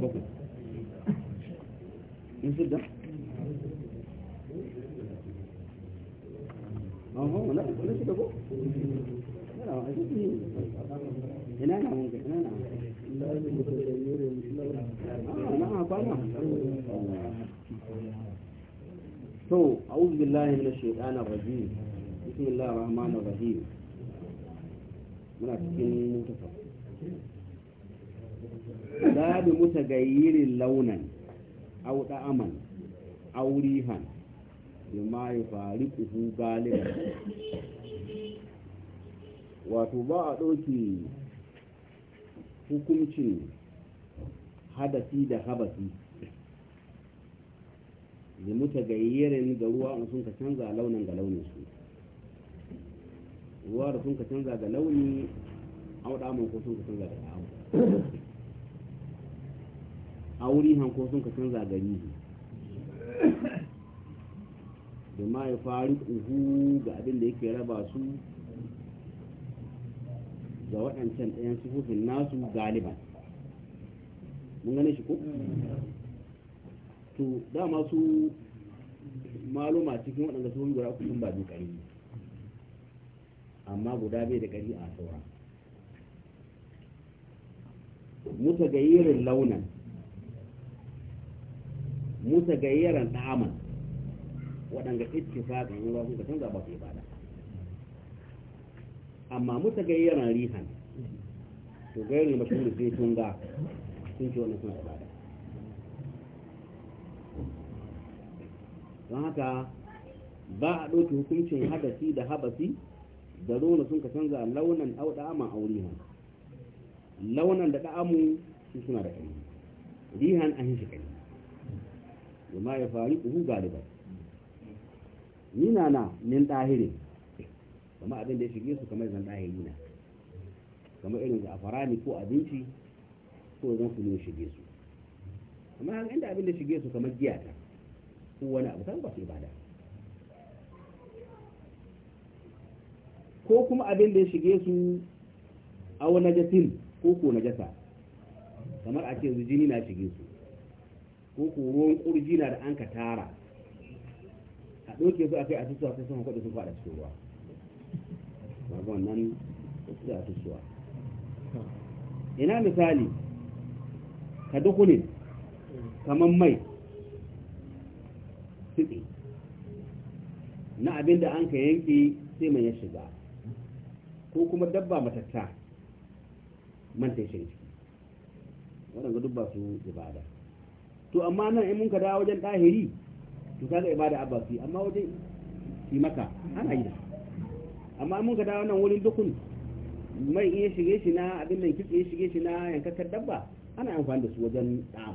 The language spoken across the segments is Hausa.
bakwai in su da ahun wala wala su da ko ina na mun ina na na kwana to a'udhu billahi minash shaitanir rajim bismillahir rahmanir rahim muna cikin mutafa la bi mutagayyirin launan aw da'aman aw rihan bima yufariquhu galiban wato ba a ɗauki hukuncin hadasi da habasi da mutagayyirin ga ruwa in sun ka canza launin ga launin su ruwa da sun ka canza ga launi auɗa aman ko sun ka canza da ɗa'amu a wuri hanko sun ka canza gari da ma ya fari kuhu ga abin da yake raba su ga waɗancan ɗayan sufufin nasu galiban mun gane shi ko? to dama su maluma cikin waɗanda sun guda kusan ba bi ƙari amma guda bai da ƙari a saura mutagayirin launin launan musa gayyaran ta'aman waɗanda ittifaqan in ruwa ka canza ba su ibada amma musa gayyaran rihan to ne mashhur da sun ga sun ci wannan sun ibada don haka ba a ɗauki hukuncin hadasi da habasi da rona sun ka canza launan au da'aman aurihan launan da da'amu su suna da ƙarfi rihan an shi ƙarfi bima ya fari uhu galiban ni na min ɗahiri kama abin da ya shige su kamar zan ɗahiri na kamar irin da afarani ko abinci ko zan ne shige su amma haka inda abin da shige su kamar giya ta ko wani abu kan ba su ibada ko kuma abin da ya shige su a wani najasin ko ko najasa kamar a ce jini na shige su ko ko ruwan kurjina da an ka tara a ɗauke su a kai a tusuwa sai sun kwaɗe su faɗa cikin ruwa babu wannan su a tusuwa ina misali ka dukuni kamar mai siɗi na abin da an ka yanke sai mai ya shiga ko kuma dabba matatta man ta yi shi waɗanda dubba ba su ibada to amma nan in mun ka dawo wajen ɗahiri to kaga ibada abasi amma wajen yi maka ana yi amma mun ka dawo nan wurin dukun mai iya shige shi na abin nan kitse ya shige shi na yankakkar dabba ana amfani da su wajen ɗahu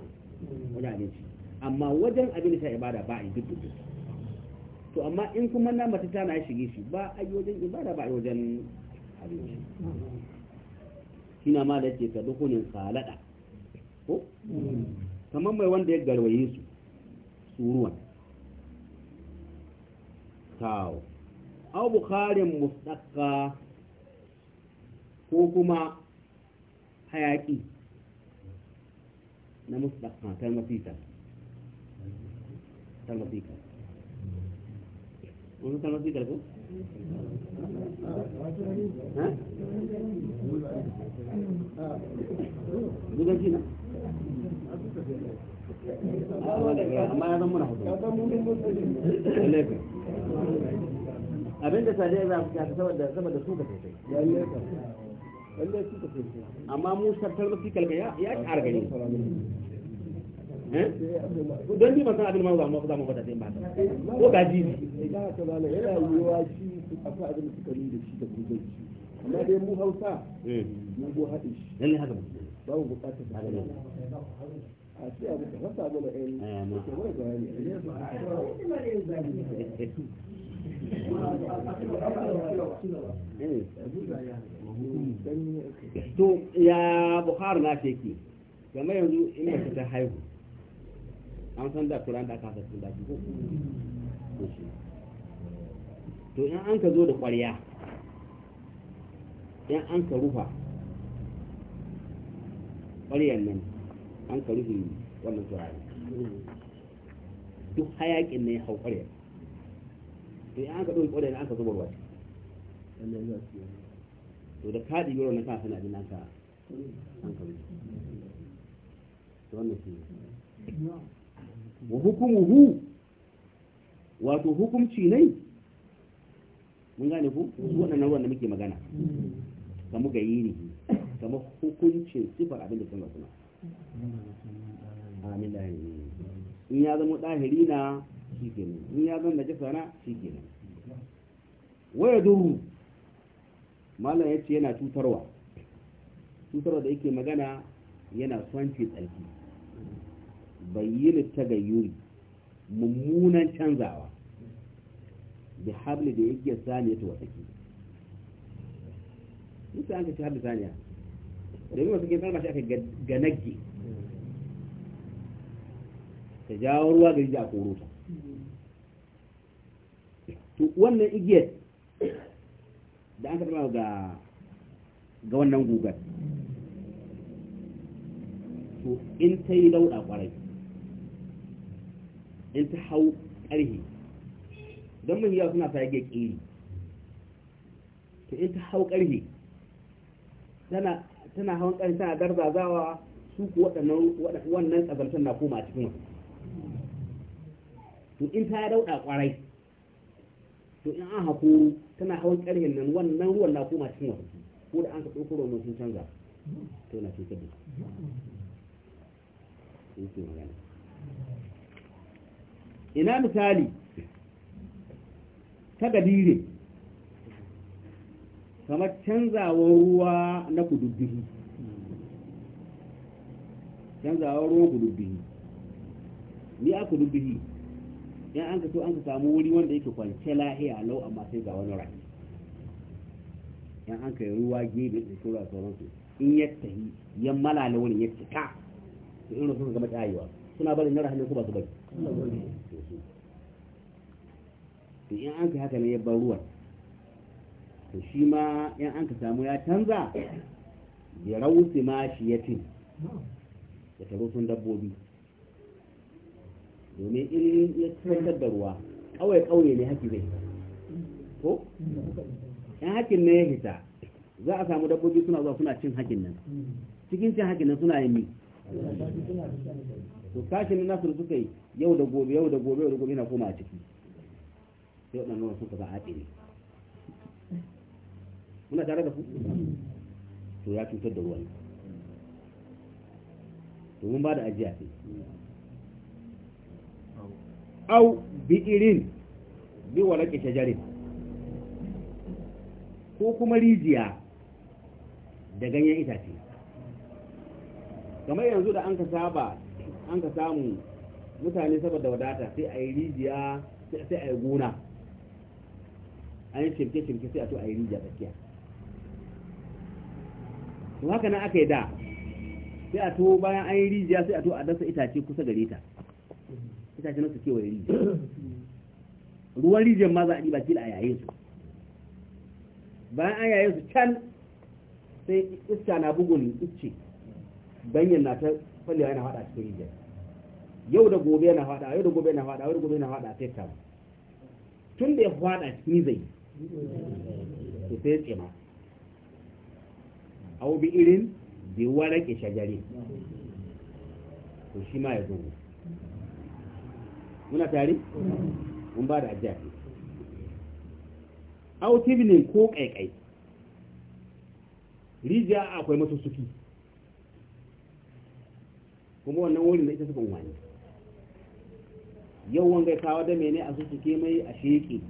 wajen abinci amma wajen abin da ta ibada ba a yi duk duk to amma in kuma na mata ta na shige shi ba a yi wajen ibada ba a yi wajen abinci shi na ma da ce ka dukunin salada ko kamar mai wanda ya garwaye su suruwan kawo abu bukharin mustaka ko kuma hayaki na mustaka ta mafita wani ta mafita ko? ha? na? amma ya na hudu abinda sadiya za kyata saboda saboda su amma mu ya eh? don masan abin sai ba ko ga yana yiwuwa shi abin da shi da amma dai mu hausa eh. mu haɗe shi lalle haka babu bukatar da to ya Buhari na ce ki, game yanzu in mace ta haihu an san da kuran da aka hasa cikin baki ko to in an ka zo da ƙwarya in an ka rufa ƙwaryar nan an ka rufe wannan turare duk hayakin ne hau kware to in an ka ɗauki kware ne an ka zubar ruwa to da kadi yoro na kasa na abin ka an ka rufe to wannan shi wa hukumuhu wato hukumci ne mun gane ku su waɗannan ruwan da muke magana kamar yi yini kamar hukuncin sifar abin da sun suna in ya zama ɗahiri na shi kenan in ya zama najasa na shi kenan waya duru malam ya ce yana cutarwa cutarwa da yake magana yana son ce tsarki bayyana gayyuri mummunan canzawa da hablu da yake saniya ta wata ki. Musa an ka ci Sani saniya domin wasu ke farma shi aka ganagge ta jawo ruwa gari da a koro ta to wannan igiyar da an karɓa ga ga wannan gugar to in ta yi lauɗa ƙwarai in ta hau ƙarhi don mahiya suna sa yage ƙiri to in ta hau ƙarhi tana tana hawan ƙarin tana garzazawa su ku waɗannan wannan tsagarcen na koma a cikin wasu to in ta dauɗa ƙwarai to in an haƙo tana hawan ƙarhin nan wannan ruwan na koma cikin wasu ko da an ka ɗauko ruwan sun canza to na cikin da ina misali ta gadire kamar canzawar ruwa na kududdihi canzawar ruwan kududdihi ni a kududdihi yan an ka so an ka samu wuri wanda yake kwance lahiya lau amma sai ga wani rai yan an ka yi ruwa gebe da sauran su in ya tahi yan malala wani ya cika to in rasu gama tayewa suna bari na rahamin ku ba su bari to in an ka haka ne ya bar ruwan to shi ma in an ka samu ya canza ya rausi ma shi ya cin da tarusun dabbobi domin in ya cutar da ruwa kawai kawai ne haki zai ko in hakin ne ya fita za a samu dabbobi suna zuwa suna cin hakin nan cikin cin hakin nan suna yin mi to kashin nasu suka yi yau da gobe yau da gobe yau da gobe na koma a ciki sai waɗannan suka za a ne muna tare da ku to ya cutar da ruwan mun ba da ajiya ce au irin bi walake shajarin ko kuma rijiya da ganyen itace kamar yanzu da an ka saba an ka samu mutane saboda wadata sai a yi rijiya sai a yi gona an yi shirke-shirke sai a to a yi rijiya tsakiya to haka nan aka yi da sai a to bayan an yi rijiya sai a to a dasa itace kusa gare ta itace na su wani rijiya ruwan rijiyar ma za a ɗiba kila a yayin su bayan an yayin su can sai iska na bugun ice banyan na ta fallewa yana faɗa cikin rijiyar yau da gobe yana faɗa yau da gobe yana faɗa yau da gobe yana faɗa sai ta tun da ya faɗa cikin zai to sai ya tsema au bi irin bi warake shajari to shi ma ya zo muna tare mun ba da ajabi au tibinin ko kaikai rijiya akwai masu suki kuma wannan wurin da ita sukan wani yau wanga kawo da mene a suki suke mai a sheke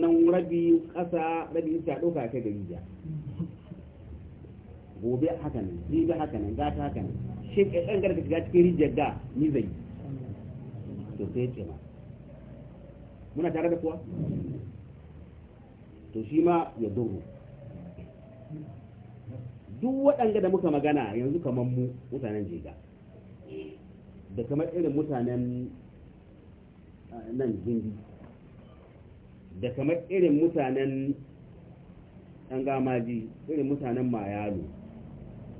nan rabi ƙasa rabi ta doka ta da rijiya gobe haka nan ribi haka nan gata haka nan shi ɗan garka shiga cikin rijiyar da ni zai yi to sai ce ma muna tare da kuwa to shi ma ya duru duk waɗanda da muka magana yanzu kamar mu mutanen jega da kamar irin mutanen nan zindi da kamar irin mutanen ɗan gamaji irin mutanen mayalo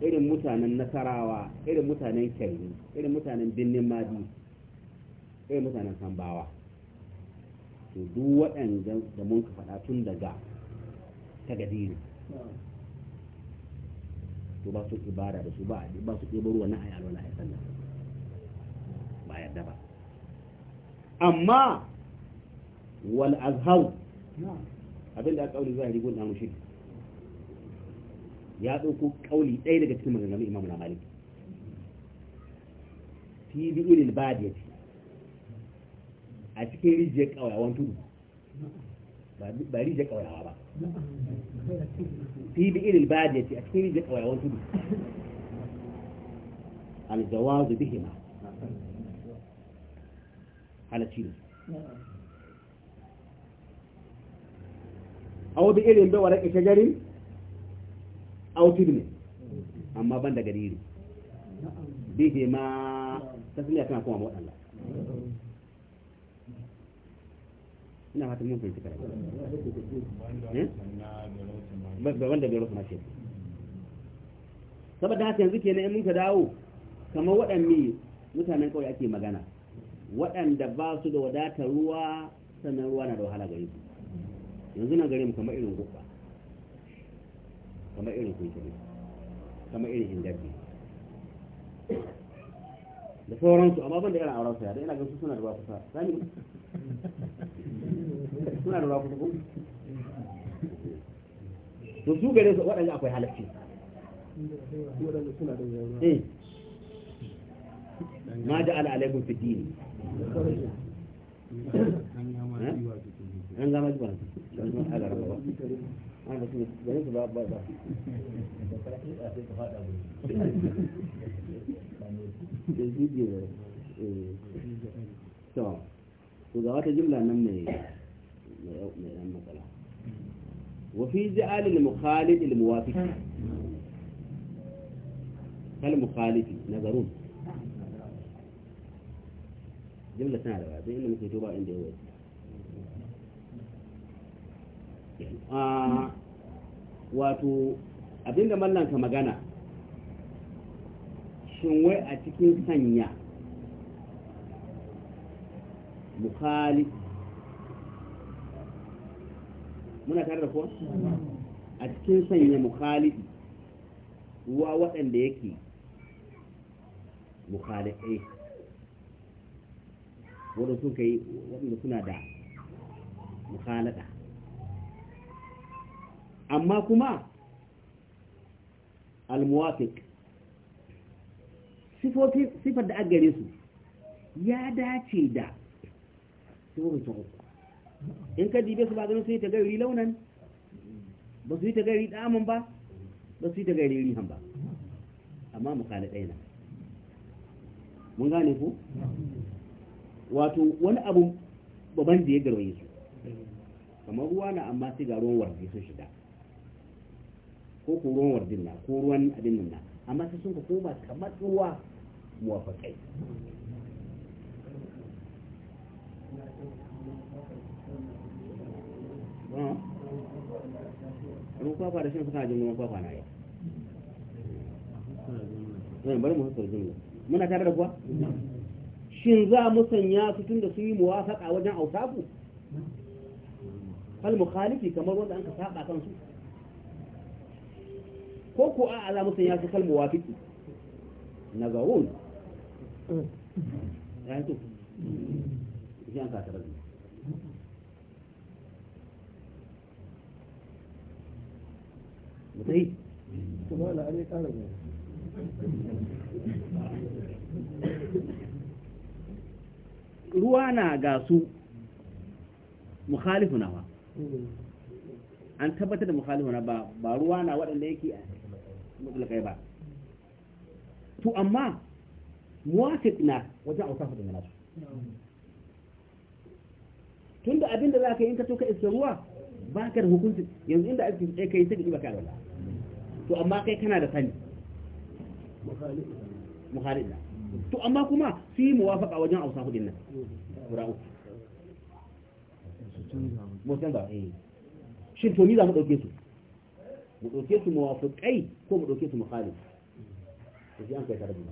irin mutanen nasarawa irin mutanen kyalli irin mutanen birnin madi irin mutanen sambawa to duk waɗanda da mun ka faɗa tun daga ta gadiri to ba su ibada da su ba ba su ɗebo ruwa na ayi alwala ya sallah ba yadda ba amma wal azhar abinda aka kauli zahiri gudun na ya ɗauko kauli ɗaya daga cikin maganganun imamu na maliki fi bi ulil badi a cikin rijiyar ƙauyawan tudu ba rijiyar ƙauyawa ba fi bi ulil badi a cikin rijiyar ƙauyawan tudu aljawazu bihima halacci ne a wani irin bai wa rake shajarin autib ne amma ban da gariri bihe ma ta sanya kuma waɗanda ina fatan mun fahimci karatu ba ba wanda bai kuma ce saboda haka yanzu kenan in mun ka dawo kamar waɗanne mutanen kawai ake magana waɗanda ba su da wadatar ruwa sannan ruwa na da wahala gari su yanzu na gare mu kamar irin gubba kamar irin kunturi kamar irin hindabi da sauransu amma ban da irin auren saya da ina suna da ba kusa sani suna da ba kusa ko to su gare su waɗanda akwai halacci eh. ma da ala alaikum fi dini an gama eh? an gama أنا بجيب بجيب باب باب بجيب تمام وذوات الجملة نمني مثلا وفي زعل المخالف الموافق كالمخالف نظرون جملة ثانية بإن مكتوبة عندي هو يعني، آه wato abinda mallanka magana shin wai a cikin sanya mukali muna tare da kuwa a cikin sanya mukali wa waɗanda yake mukhalifai eh, wadda suka yi waɗanda suna da mukhalada amma kuma al sifofi sifofin sifar da agare su ya dace da sifofin tsohon in ka dibe su ba ganin su yi ta gari launan ba su yi ta gari ba ba su yi ta gari rihan ba amma mukala ɗaya na mun gane ku wato wani abu babban da ya garwaye su kamar ruwa na amma sai ga ruwan warfe sun shiga ko ko ruwan wardin na ko ruwan abin nan na amma sai sun ka koma kamar ruwa muwafakai ruwan kwakwa da shan suna mu hasar shin za mu sanya su tun da sun yi wajen autaku kamar wanda an ka saba kansu ko ko a ala musun ya fi kalmu fiki na gawun ruwa na ga su mukhalifu na ba hmm. an tabbatar da mukhalifu na ba ruwa na waɗanda yake mutlakai ba to amma muwafiq na wajen ausafa da nasu tunda abinda za ka yi in ka toka iska ruwa ba ka da hukunci yanzu inda ake tsaye kai sai ka ba ka da wala to amma kai kana da sani mukhalid na to amma kuma su yi muwafaqa wajen ausafu din nan guda uku mutan ba eh shin to ni za mu dauke su mu ɗauke su muwafiƙai ko mu ɗauke su mukhalif to shi an kai tare da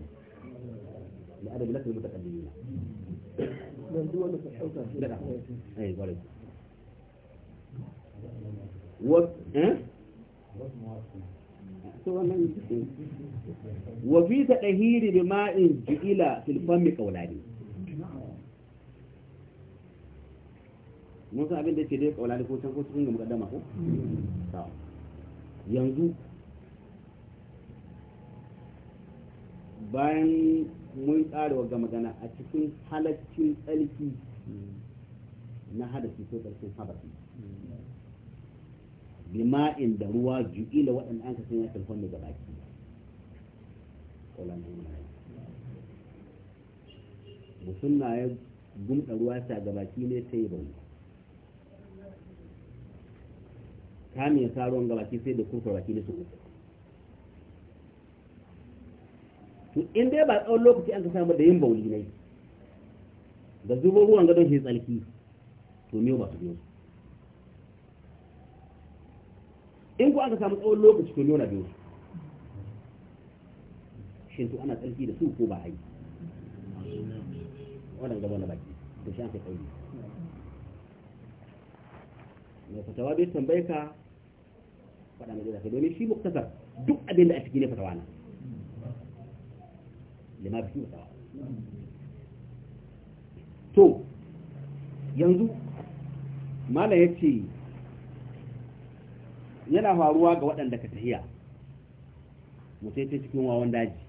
da adabi lakal mutakallimin dan duk wanda ka dauka shi da eh gore wa eh to wannan wa fi tadhiri bi ma'in ju'ila fil fami qawlani mun san abin da yake dai qawlani ko can ko cikin mukaddama ko yanzu bayan mun tsara wa magana a cikin halaccin tsarki na hadashi ko tsarkin habasi bima'in da ruwa da waɗanda an kasance ya telefon da baki musulma ya gumɗa ruwa sa ga baki ne sai bauta kamin ya sa ruwan gabaki sai da kusa baki da su to in dai ba tsawon lokaci an ka samu da yin bauli ne da zubo ruwan gadon shi tsarki to me ba su biyo in ku ka samu tsawon lokaci to nuna biyo shin to ana tsarki da su ko ba a yi wannan gaba na baki to shi an kai tsayi mai fatawa bai tambaye ka faɗa mai da domin shi muktasar duk abin da a ciki ne fatawa na lima fatawa to yanzu mala ya ce yana faruwa ga waɗanda ka tahiya mutai ta cikin wawan daji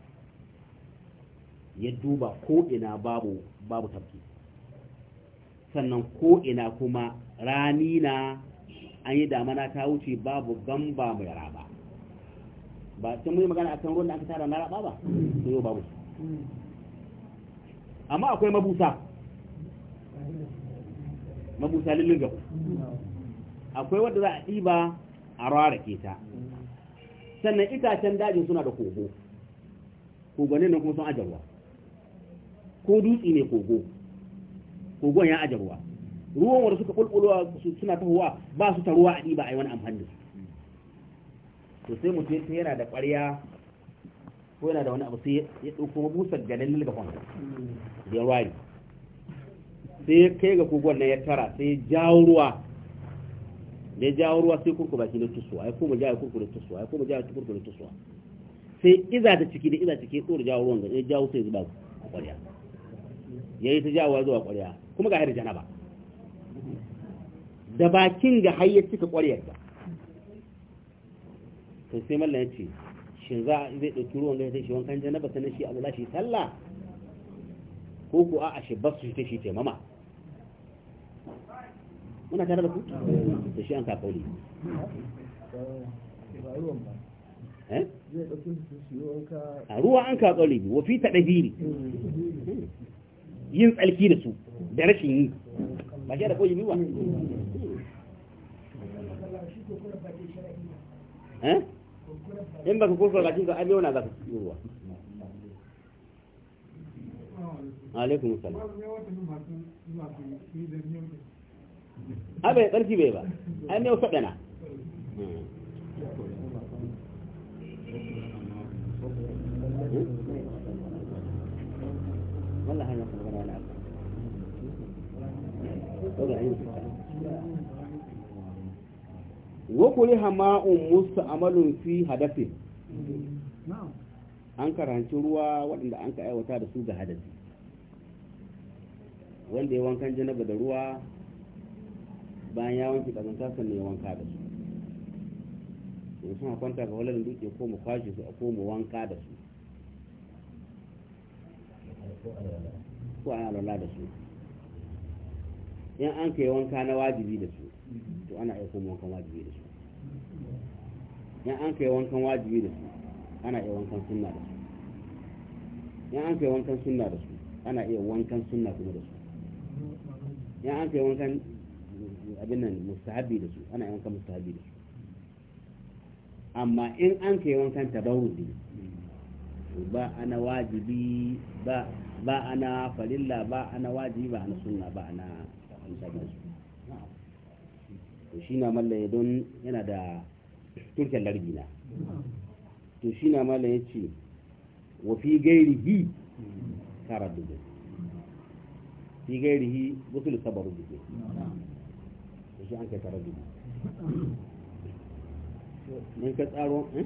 ya duba ko'ina babu babu tafki sannan ko ina kuma rani na an yi damana ta wuce babu gamba mai raba ba sun yi magana a kan ruwan da aka tara na raba ba to yi babu amma akwai mabusa mabusa lillin gabu akwai wadda za a ɗiba a ke ta sannan itacen dajin suna da kogo kogonin nan kuma sun ajarwa ko dutse ne kogo kogon ya ajarwa ruwan wanda suka kulkulowa suna tahowa ba su ta ruwa a ba a yi wani amfani to sai mutum sai yana da ƙwarya ko yana da wani abu sai ya ɗauko busar ganin lilgafon da ya wari sai ya kai ga kogon na ya tara sai ya jawo ruwa da ya jawo ruwa sai kurkuba shi na tusuwa ya koma jawo kurku da tusuwa ya koma jawo kurku da tusuwa sai iza ta ciki da iza ciki ya tsoro jawo ruwan ya jawo sai zuba a ƙwarya ya yi ta jawo zuwa ƙwarya kuma ga hari janaba da bakin ga hayyar cika ƙwaryar ba sai mallan ya ce shi za a zai ɗauki ruwan gani ta shi wankan janaba na shi abu lashi sallah ko ku a ashe basu shi ta shi ce mama muna tare da ku da shi an ka kauli eh? a ruwa an ka kauli wa fi ta ɗabiri yin tsalki da su da rashin yi ba shi da koyi miwa eh in baka kurkura bakin ka za ka zaka ruwa alaikum salam abai karki bai ba ai ne wasa dana والله هذا wa kuriha ma'un musta'malun fi hadafin an karanci ruwa waɗanda an ka aiwata da su ga hadafi wanda ya wankan janaba da ruwa bayan ya wanke ƙazanta sannan ya wanka da su in suna kwanta ga walarin duk ko mu kwashe su ko mu wanka da su ko a alwala da su in an ka yi wanka na wajibi da su to ana iya kuma wankan wajibi da su in an kai wankan wajibi da su ana iya wankan sunna da su in an kai wankan sunna da su ana iya wankan sunna kuma da su in an kai wankan abin nan mustahabi da su ana iya wankan mustahabi da su amma in an kai wankan tabarruzi ba ana wajibi ba ba ana farilla ba ana wajibi ba ana sunna ba ana musabbin to shi na malla ya don yana da turken larbi to shi na malla ya ce wa fi gairihi tara dubu fi gairihi gusul sabaru dubu to shi an kai tara dubu mun ka tsaro eh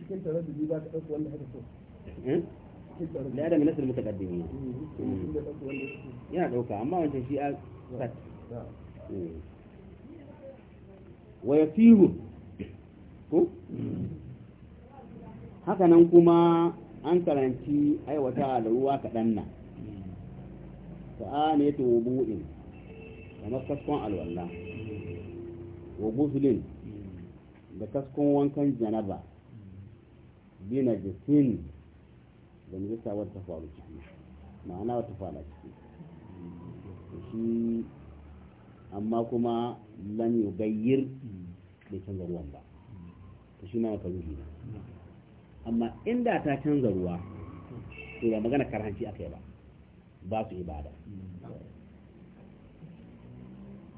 cikin eh? tare da ba ka ɗauka wanda aka so da da minasar mutakaddimi mm. yana ɗauka amma wancan shi Hmm. wa ko haka nan kuma an karanci aiwata da ruwa kaɗan nan fa'ane ta wubu'in kamar kaskon alwallah wa gusulin da kaskon wankan janaba bina jisin da nisa wata faru ciki ma'ana wata faru ciki shi amma kuma lam yugayyir bai canza ruwan ba to shi ma makaruhi ne amma inda ta canza ruwa to ba magana karhanci akai ba ba su ibada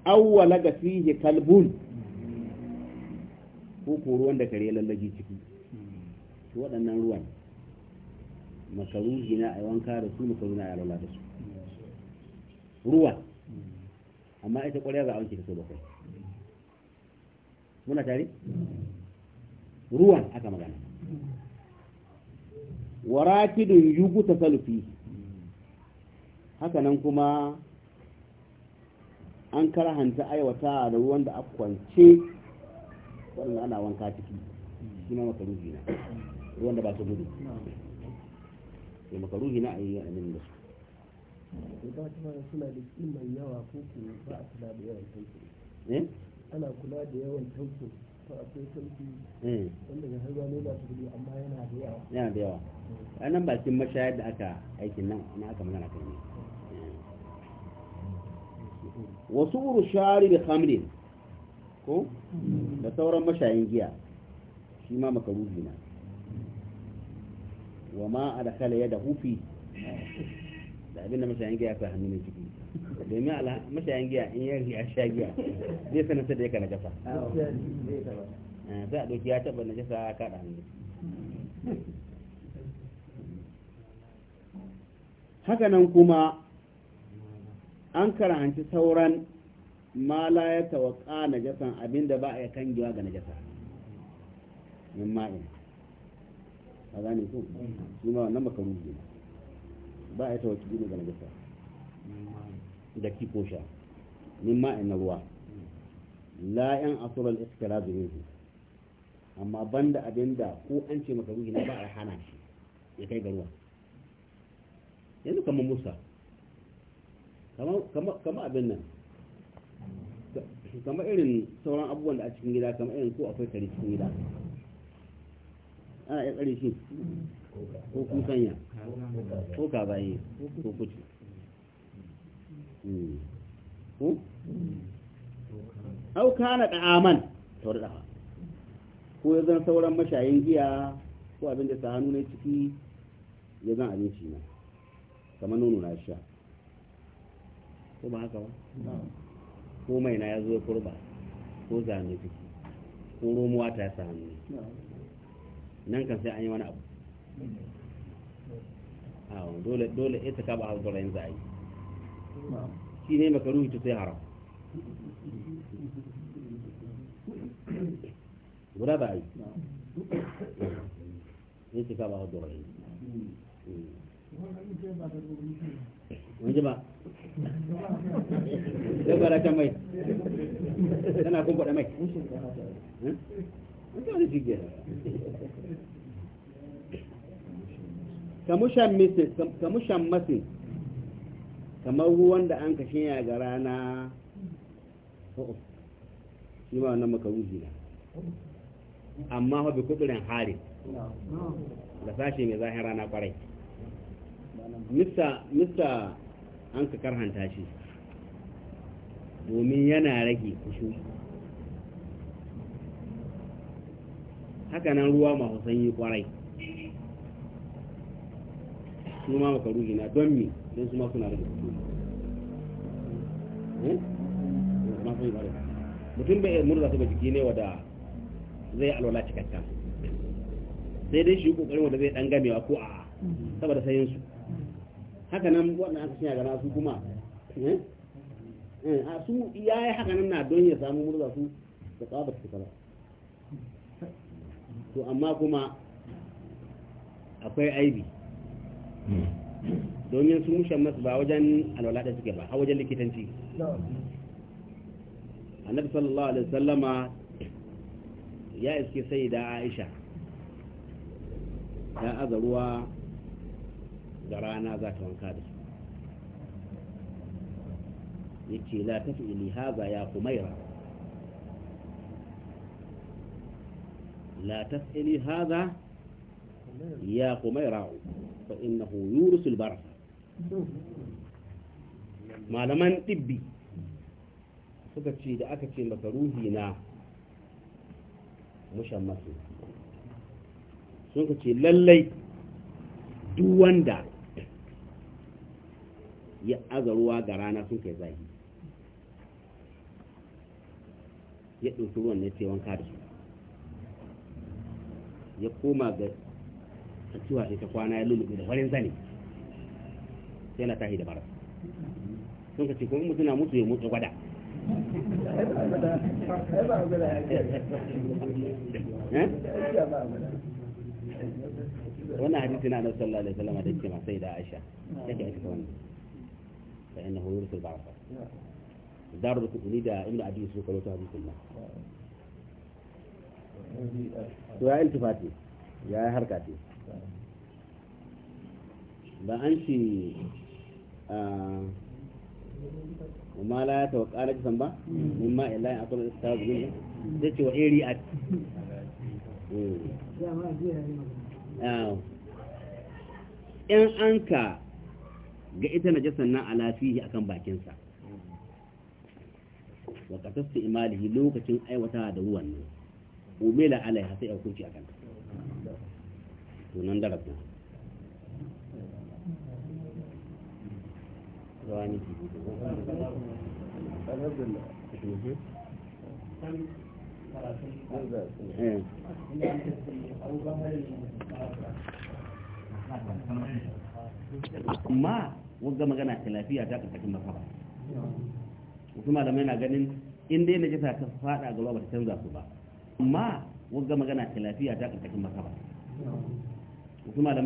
awwala ga fihi kalbun ko ko ruwan da kare lallaji ciki to waɗannan ruwan makaruhi na a wanka da su makaruhi na a lalata su ruwan amma ita kwarya za a wanke ta so bakwai muna tare ruwan aka magana warakidun yugu ta salufi hakanan kuma an karahanta aiwata da ruwan da aka kwance waɗanda ana wanka ciki shi ma makaruhi na ruwan da ba su gudu sai makaruhi na a yi a nan da su ba ta suna da kiman yawa ko ko ba a kula da yawan tanko eh? ana kula da yawan tanko to akwai tanko eh. wanda ga harba ne ba su gudu amma yana da yawa yana da yawa a nan bakin mashayar da aka aikin nan na aka magana kan ne eh. wasu uru shari da hamlin ko da sauran mashayin giya shi ma makaruhi na wa ma a da kala ya da hufi da abin da mashayan giya ka hannu ne ciki domin ala mashayan giya in yi ya sha giya zai sanar da yaka na jasa eh, sai a ɗauki ya taɓa na jasa ka da hannu haka nan kuma an karanci sauran ma la ya tawaka na jasan abin da ba a kan giwa ga na jasa min ma'in a gane ko shi ma wannan makaruhi ba ya tawaki gudu ga najasa da kifo sha min ma'in na ruwa la yan asural iskara minhu amma banda abinda ko an ce maka ruhi na ba a hana shi ya kai ga ruwa yanzu kamar musa kama abin nan kama irin sauran abubuwan da a cikin gida kama irin ko akwai kare cikin gida ana iya tsare shi ko kusanya ko kabaye ko kuci hmm. ko au kana da'aman taurida ko ya zan sauran mashayin giya ko abin da ta hannu na ciki ya zan abinci na kamar nono na sha ko ba haka ba ko mai na ya zo kurba ko zane ciki ko romuwa ta sa hannu nan kan sai an yi wani abu dole dole ita ka ba hankula yin zai shi ne makaruhi ta sai haram guda ba yi ita ka ba hankula yin wani ba sai ba rakan mai tana kun kwaɗa mai wani shi gina kamushan masin kamar ruwan da an kashe ya ga rana oh, shi ma wannan makaruhi na amma hobi kudurin hari da sashe mai zahin rana kwarai mista an ka karhanta shi domin yana rage kushu hakanan ruwa masu sanyi kwarai su ma ruhi na don mi don su ma suna da fito mutum bai murza su ga jiki ne wada zai alwala cikakka sai dai shi kokarin wanda zai dan gamewa ko a saboda sayin su haka nan wannan aka cinya gana su kuma eh? Eh, a su yi haka nan na don ya samu murza su da tsaba su kala to amma kuma akwai aibi domin su mushan masu ba wajen alwala suke ba a wajen likitanci annabi sallallahu alaihi sallama ya iske sai da aisha ta aza ruwa da rana za ta wanka da su ya ce la tafi ili haza ya kumaira la fi ili haza ya kumaira فإنه يورث البركة malaman ɗibbi suka ce da aka ce maka ruhi na mushammasu suka ce lallai duk wanda ya aza ruwa ga rana sun kai zahi ya ɗauki ruwan na ce wanka da su ya koma ga tattuwa sai ta kwana ya lulluɓe da farin zane sai na tahi da bara sun ka ce kuma mutuna mutu ya mutu gwada eh? wannan hadisi na annabi sallallahu alaihi wasallam da yake masai da Aisha yake aika wannan fa innahu yursul ba'sa daru kudi da ibnu abi su ta hadisin nan to ya iltifati ya harka ce ba an shi وما لا يتوقع لك سنبا مما إلا أن أقول الإستاذ منه ذات وإيري أت an mm. ka ga ita jisan nan ala a akan bakinsa wa imalihi lokacin aiwata da ruwan nan umela alaiha sai a a kanta sunan darabna rawani eh. amma wanda magana ta lafiya ta cikin masaba wasu malamai na ganin in dai na jisa ta fada gaba ba ta canza su ba amma wanda magana ta lafiya ta cikin masaba wasu